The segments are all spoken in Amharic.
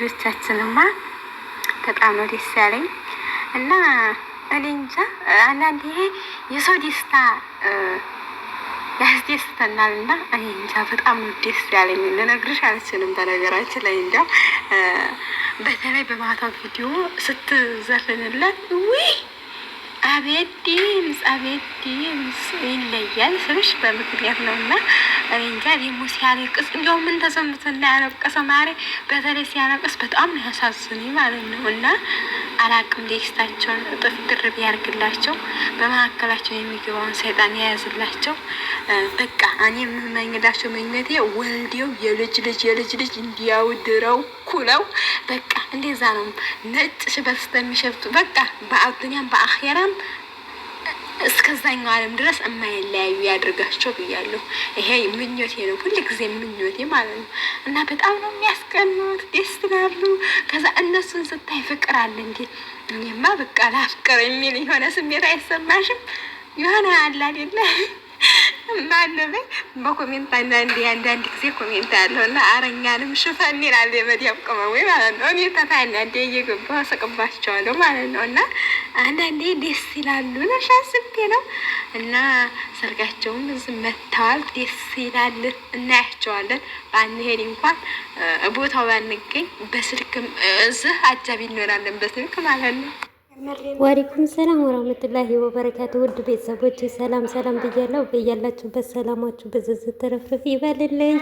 ልጆቻችንማ በጣም ነው ደስ ያለኝ እና እኔ እንጃ አንዳንድ ይሄ የሰው ደስታ ያስደስተናል እና እኔ እንጃ በጣም ነው ደስ ያለኝ። ልነግርሽ አልችልም። በነገራችን ላይ እንዲያው በተለይ በማታ ቪዲዮ ስትዘፍንለት ውይ አቤት ድምፅ አቤት ድምፅ ይለያል። ስምሽ በምክንያት ነው እና እኔ እንጃ ደግሞ ሲያለቅስ እንዲያው ምን ተሰምቶ እንዳያለቀሰ ማሪ በተለይ ሲያለቅስ በጣም ነው ያሳዝኑኝ ማለት ነው እና አላቅም ደስታቸውን እጥፍ ድርብ ያርግላቸው፣ በመካከላቸው የሚገባውን ሰይጣን የያዝላቸው። በቃ እኔ የምመኝላቸው መኝነቴ ወልዴው የልጅ ልጅ የልጅ ልጅ እንዲያውድረው ኩለው በቃ እንደዛ ነው ነጭ ሽበት ስተሚሸፍቱ በቃ በአዱኒያም በአኼራም እስከዛኛው ዓለም ድረስ የማይለያዩ ያድርጋቸው ብያለሁ። ይሄ ምኞቴ ነው፣ ጊዜ ምኞቴ ማለት ነው። እና በጣም ነው የሚያስቀኑት፣ ደስ ይላሉ። ከዛ እነሱን ስታይ ፍቅር አለ እንዴ! እኔማ በቃ ላፍቅር የሚል የሆነ ስሜት አይሰማሽም? የሆነ አላሌለ ማነበ በኮሜንት አንዳንድ አንዳንድ ጊዜ ኮሜንት ያለው እና አረኛንም ሽፈን ይላል የመዲያም ቅመም ማለት ነው። እኔ ተታ አንዳንዴ እየገባሁ ስቅባቸዋለሁ ማለት ነው። እና አንዳንዴ ደስ ይላሉ ነሻ ስቤ ነው እና ሰርጋቸውም እዚህ መጥተዋል። ደስ ይላል። እናያቸዋለን። ባንሄድ እንኳን ቦታው ባንገኝ በስልክም እዚህ አጃቢ እንሆናለን፣ በስልክ ማለት ነው። ዋሪኩም ሰላም ወራህመቱላሂ ወበረካቱ። ውድ ቤተሰቦች ሰላም ሰላም ብያለሁ። በያላችሁበት ሰላማችሁ ብዝዝ ትርፍፍ ይበልልኝ።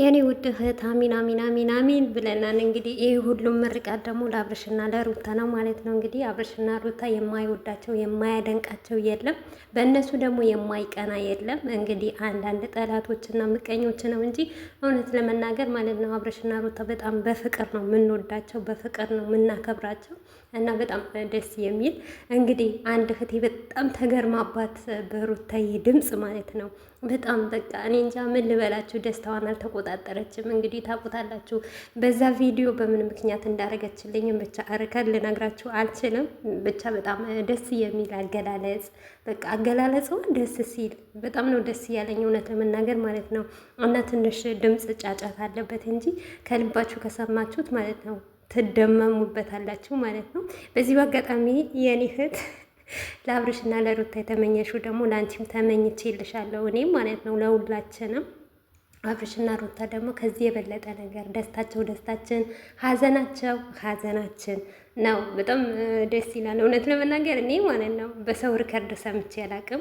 የኔ ውድ እህት አሚን አሚን አሚን አሚን ብለናል። እንግዲህ ይህ ሁሉም ምርቃት ደግሞ ለአብርሽና ለሩታ ነው ማለት ነው። እንግዲህ አብርሽና ሩታ የማይወዳቸው የማያደንቃቸው የለም፣ በእነሱ ደግሞ የማይቀና የለም። እንግዲህ አንዳንድ ጠላቶችና ምቀኞች ነው እንጂ እውነት ለመናገር ማለት ነው አብርሽና ሩታ በጣም በፍቅር ነው የምንወዳቸው፣ በፍቅር ነው የምናከብራቸው። እና በጣም ደስ የሚል እንግዲህ አንድ እህቴ በጣም ተገርማባት በሩታዬ ድምፅ ማለት ነው። በጣም በቃ እኔ እንጃ ምን ልበላችሁ፣ ደስታዋን አልተቆጣጠረችም። እንግዲህ ታውቁታላችሁ በዛ ቪዲዮ በምን ምክንያት እንዳረገችልኝም ብቻ እርከን ልነግራችሁ አልችልም። ብቻ በጣም ደስ የሚል አገላለጽ በቃ አገላለጽዋን ደስ ሲል በጣም ነው ደስ ያለኝ እውነት ለመናገር ማለት ነው። እና ትንሽ ድምፅ ጫጫት አለበት እንጂ ከልባችሁ ከሰማችሁት ማለት ነው ትደመሙበታላችሁ ማለት ነው። በዚህ በአጋጣሚ የኔ እህት ለአብርሽና ለሩታ የተመኘሽው ደግሞ ለአንቺም ተመኝቼ ይልሻለሁ እኔም ማለት ነው ለሁላችንም አብርሽና ሩታ ደግሞ ከዚህ የበለጠ ነገር ደስታቸው ደስታችን፣ ሀዘናቸው ሀዘናችን ነው። በጣም ደስ ይላል። እውነት ለመናገር እኔ ማለት ነው በሰው ሪከርድ ሰምቼ አላቅም።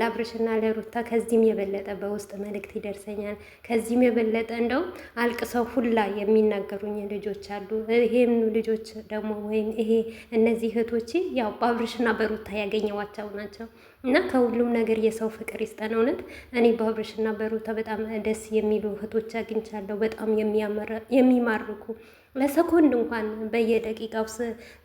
ለአብርሽና ለሩታ ከዚህም የበለጠ በውስጥ መልእክት ይደርሰኛል። ከዚህም የበለጠ እንደው አልቅሰው ሁላ የሚናገሩኝ ልጆች አሉ። ይሄም ልጆች ደግሞ ወይም ይሄ እነዚህ እህቶች ያው በአብርሽና በሩታ ያገኘዋቸው ናቸው እና ከሁሉም ነገር የሰው ፍቅር ይስጠን። እውነት እኔ በአብርሽና በሩታ በጣም ደስ የሚሉ እህቶች አግኝቻለሁ። በጣም የሚማርኩ ለሰኮንድ እንኳን በየደቂቃው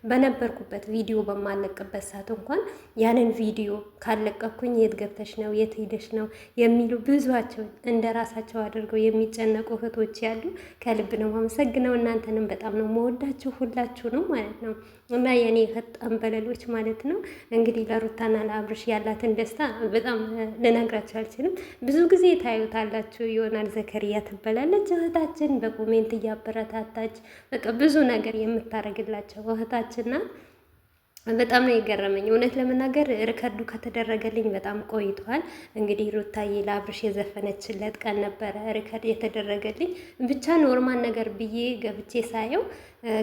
በነበርኩበት ቪዲዮ በማለቅበት ሰዓት እንኳን ያንን ቪዲዮ ካለቀኩኝ የት ገብተሽ ነው የት ሄደሽ ነው የሚሉ ብዙቸው እንደ ራሳቸው አድርገው የሚጨነቁ እህቶች ያሉ ከልብ ነው አመሰግነው። እናንተንም በጣም ነው መወዳችሁ ሁላችሁ ነው ማለት ነው እና የኔ እህት በለሎች ማለት ነው እንግዲህ ለሩታና ለአብርሽ ያላትን ደስታ በጣም ልነግራችሁ አልችልም። ብዙ ጊዜ ታዩታላችሁ ይሆናል። ዘከሪያ ትበላለች እህታችን በኮሜንት እያበረታታች በቃ ብዙ ነገር የምታደርግላቸው እህታችን ናት። በጣም ነው የገረመኝ። እውነት ለመናገር ሪከርዱ ከተደረገልኝ በጣም ቆይቷል። እንግዲህ ሩታዬ ለአብርሽ የዘፈነችለት ቀን ነበረ ሪከርድ የተደረገልኝ። ብቻ ኖርማል ነገር ብዬ ገብቼ ሳየው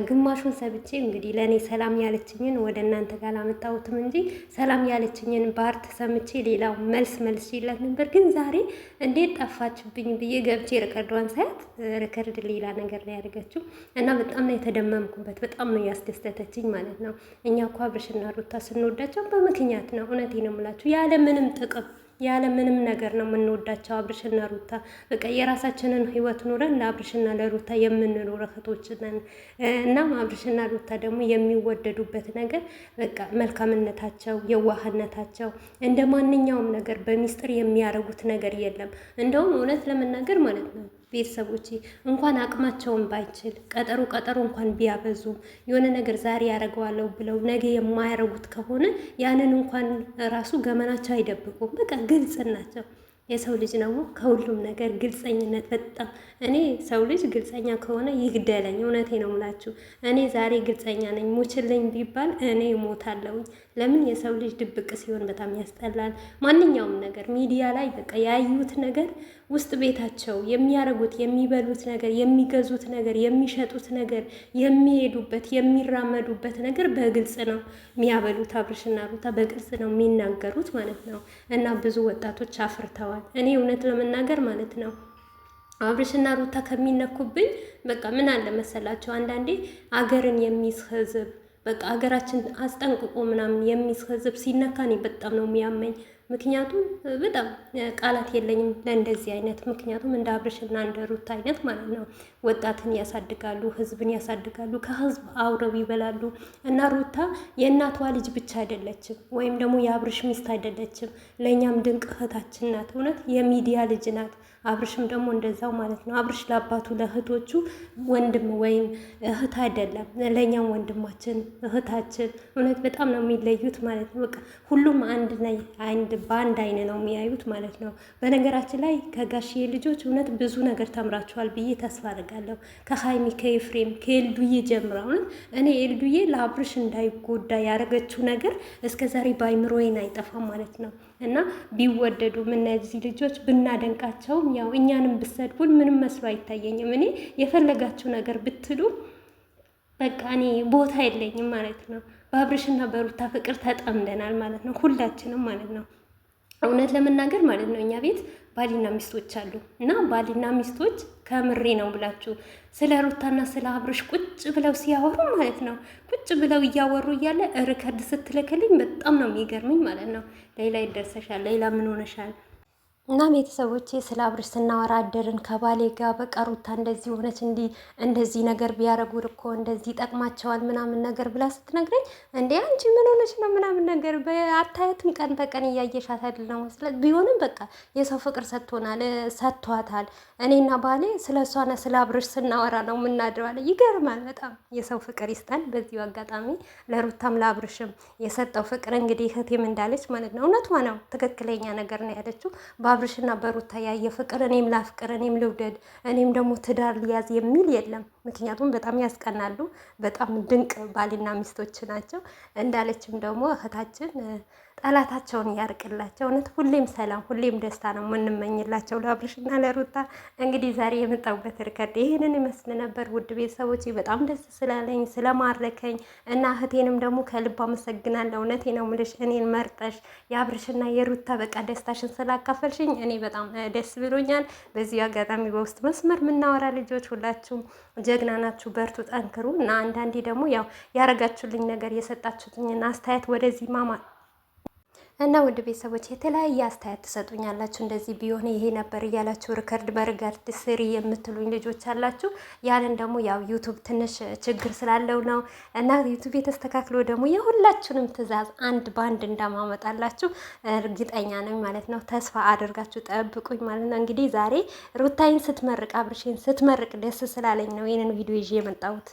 ግማሹን ሰብቼ እንግዲህ ለእኔ ሰላም ያለችኝን ወደ እናንተ ጋር ላመጣሁትም እንጂ ሰላም ያለችኝን ባርት ሰምቼ ሌላው መልስ መልስ ነበር። ግን ዛሬ እንዴት ጠፋችብኝ ብዬ ገብቼ ሪከርዷን ሳያት ሪከርድ ሌላ ነገር ላይ ያደርገችው እና በጣም ነው የተደመምኩበት። በጣም ነው ያስደስተተችኝ ማለት ነው እኛ እኳ አብርሽና ሩታ ስንወዳቸው በምክንያት ነው። እውነቴ ነው የምላችሁ ያለ ምንም ጥቅም ያለ ምንም ነገር ነው የምንወዳቸው አብርሽና ሩታ። በቃ የራሳችንን ህይወት ኑረን ለአብርሽና ለሩታ የምንኖር እህቶች ነን። እናም አብርሽና ሩታ ደግሞ የሚወደዱበት ነገር በቃ መልካምነታቸው፣ የዋህነታቸው፣ እንደ ማንኛውም ነገር በሚስጥር የሚያደርጉት ነገር የለም። እንደውም እውነት ለመናገር ማለት ነው ቤተሰቦቼ እንኳን አቅማቸውን ባይችል ቀጠሮ ቀጠሮ እንኳን ቢያበዙ የሆነ ነገር ዛሬ ያደርገዋለሁ ብለው ነገ የማያደርጉት ከሆነ ያንን እንኳን ራሱ ገመናቸው አይደብቁም። በቃ ግልጽ ናቸው። የሰው ልጅ ነው ከሁሉም ነገር ግልጸኝነት በጣም እኔ ሰው ልጅ ግልጸኛ ከሆነ ይግደለኝ። እውነቴ ነው ምላችሁ። እኔ ዛሬ ግልጸኛ ነኝ ሙችልኝ ቢባል እኔ እሞታለሁኝ። ለምን የሰው ልጅ ድብቅ ሲሆን በጣም ያስጠላል። ማንኛውም ነገር ሚዲያ ላይ በቃ ያዩት ነገር ውስጥ ቤታቸው የሚያደርጉት የሚበሉት ነገር የሚገዙት ነገር የሚሸጡት ነገር የሚሄዱበት የሚራመዱበት ነገር በግልጽ ነው የሚያበሉት። አብርሽና ሩታ በግልጽ ነው የሚናገሩት ማለት ነው። እና ብዙ ወጣቶች አፍርተዋል። እኔ እውነት ለመናገር ማለት ነው አብርሽና ሩታ ከሚነኩብኝ በቃ ምን አለ መሰላቸው አንዳንዴ አገርን የሚስ ህዝብ በቃ ሀገራችን አስጠንቅቆ ምናምን የሚስ ህዝብ ሲነካ እኔ በጣም ነው የሚያመኝ። ምክንያቱም በጣም ቃላት የለኝም ለእንደዚህ አይነት ምክንያቱም እንደ አብርሽና እንደ ሩት አይነት ማለት ነው። ወጣትን ያሳድጋሉ፣ ህዝብን ያሳድጋሉ፣ ከህዝብ አውረው ይበላሉ። እና ሩታ የእናቷ ልጅ ብቻ አይደለችም፣ ወይም ደግሞ የአብርሽ ሚስት አይደለችም። ለእኛም ድንቅ እህታችን ናት። እውነት የሚዲያ ልጅ ናት። አብርሽም ደግሞ እንደዛው ማለት ነው። አብርሽ ለአባቱ ለእህቶቹ ወንድም ወይም እህት አይደለም፣ ለእኛም ወንድማችን እህታችን። እውነት በጣም ነው የሚለዩት ማለት ነው። በቃ ሁሉም አንድ ነ አንድ በአንድ አይን ነው የሚያዩት ማለት ነው። በነገራችን ላይ ከጋሽዬ ልጆች እውነት ብዙ ነገር ተምራችኋል ብዬ ተስፋ አድርጋለሁ። ከሀይሚ ከኤፍሬም፣ ከኤልዱዬ ጀምራ እውነት እኔ ኤልዱዬ ለአብርሽ እንዳይጎዳ ያደረገችው ነገር እስከ ዛሬ በአይምሮዬን አይጠፋም ማለት ነው። እና ቢወደዱም እነዚህ ልጆች ብናደንቃቸውም ያው እኛንም ብሰድቡን ምንም መስሎ አይታየኝም። እኔ የፈለጋችሁ ነገር ብትሉ በቃ እኔ ቦታ የለኝም ማለት ነው። በአብርሽና በሩታ ፍቅር ተጠምደናል ማለት ነው፣ ሁላችንም ማለት ነው። እውነት ለመናገር ማለት ነው እኛ ቤት ባሊና ሚስቶች አሉ እና ባሊና ሚስቶች ከምሬ ነው ብላችሁ ስለ ሩታና ስለ አብርሽ ቁጭ ብለው ሲያወሩ ማለት ነው ቁጭ ብለው እያወሩ እያለ ርከርድ ስትልክልኝ በጣም ነው የሚገርምኝ ማለት ነው። ሌላ ይደርሰሻል፣ ሌላ ምን ሆነሻል እና ቤተሰቦቼ ስለ አብርሽ ስናወራ አደርን ከባሌ ጋር በቃ ሩታ እንደዚህ ሆነች እንዲ እንደዚህ ነገር ቢያደርጉ እኮ እንደዚህ ይጠቅማቸዋል ምናምን ነገር ብላ ስትነግረኝ፣ እንዴ አንቺ ምን ሆነች ነው ምናምን ነገር በአታየትም ቀን በቀን እያየሻት አይደል ነው አይደለም። ቢሆንም በቃ የሰው ፍቅር ሰጥቶናል ሰጥቷታል። እኔና ባሌ ስለ እሷና ስለ አብርሽ ስናወራ ነው የምናድረዋለ። ይገርማል። በጣም የሰው ፍቅር ይስጠን። በዚሁ አጋጣሚ ለሩታም ለአብርሽም የሰጠው ፍቅር እንግዲህ እህቴም እንዳለች ማለት ነው እውነቷ ነው። ትክክለኛ ነገር ነው ያለችው በአብርሽና በሩታ ያየ ፍቅር እኔም ላፍቅር፣ እኔም ልውደድ፣ እኔም ደግሞ ትዳር ልያዝ የሚል የለም። ምክንያቱም በጣም ያስቀናሉ። በጣም ድንቅ ባልና ሚስቶች ናቸው። እንዳለችም ደግሞ እህታችን ጠላታቸውን ያርቅላቸው እውነት ሁሌም ሰላም፣ ሁሌም ደስታ ነው የምንመኝላቸው ለአብርሽና ለሩታ። እንግዲህ ዛሬ የመጣሁበት ርከርድ ይህንን ይመስል ነበር። ውድ ቤተሰቦች በጣም ደስ ስላለኝ ስለማረከኝ እና እህቴንም ደግሞ ከልብ አመሰግናለሁ። እውነቴ ነው የምልሽ እኔን መርጠሽ የአብርሽና የሩታ በቃ ደስታሽን ስላካፈልሽኝ እኔ በጣም ደስ ብሎኛል። በዚሁ አጋጣሚ በውስጥ መስመር የምናወራ ልጆች ሁላችሁም ጀግና ናችሁ፣ በርቱ፣ ጠንክሩ እና አንዳንዴ ደግሞ ያው ያረጋችሁልኝ ነገር የሰጣችሁትኝና አስተያየት ወደዚህ ማማ እና ወንድ ቤተሰቦች የተለያየ አስተያየት ትሰጡኛላችሁ። እንደዚህ ቢሆን ይሄ ነበር እያላችሁ ሪከርድ በሪከርድ ስሪ የምትሉኝ ልጆች አላችሁ። ያንን ደግሞ ያው ዩቱብ ትንሽ ችግር ስላለው ነው እና ዩቱብ የተስተካክሎ ደግሞ የሁላችሁንም ትዕዛዝ አንድ በአንድ እንዳማመጣላችሁ እርግጠኛ ነኝ ማለት ነው። ተስፋ አድርጋችሁ ጠብቁኝ ማለት ነው። እንግዲህ ዛሬ ሩታይን ስትመርቅ አብርሽን ስትመርቅ ደስ ስላለኝ ነው ይህንን ቪዲዮ ይዤ የመጣሁት።